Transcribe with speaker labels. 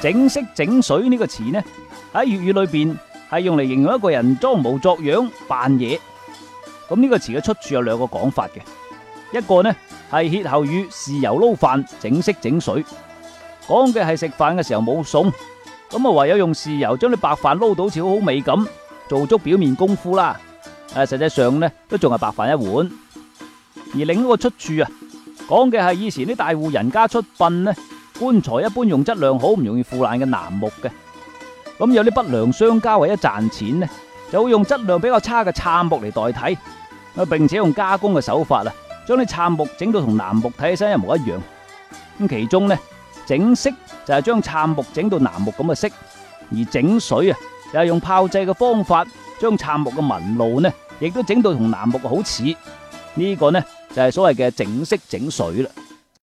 Speaker 1: 整色整水呢個詞呢，喺粵語裏邊係用嚟形容一個人裝模作樣、扮嘢。咁、這、呢個詞嘅出處有兩個講法嘅，一個呢係歇後語豉油撈飯整色整水，講嘅係食飯嘅時候冇餸，咁啊唯有用豉油將啲白飯撈到好似好好味咁，做足表面功夫啦。誒，實際上呢都仲係白飯一碗。而另一個出處啊，講嘅係以前啲大戶人家出殯呢。棺材一般用質量好唔容易腐爛嘅楠木嘅，咁有啲不良商家為咗賺錢咧，就會用質量比較差嘅杉木嚟代替啊，並且用加工嘅手法啊，將啲杉木整到同楠木睇起身一模一樣。咁其中呢，整色就係將杉木整到楠木咁嘅色，而整水啊，就係用炮製嘅方法，將杉木嘅紋路呢，亦都整到同楠木好似。呢個呢就係所謂嘅整色整水啦。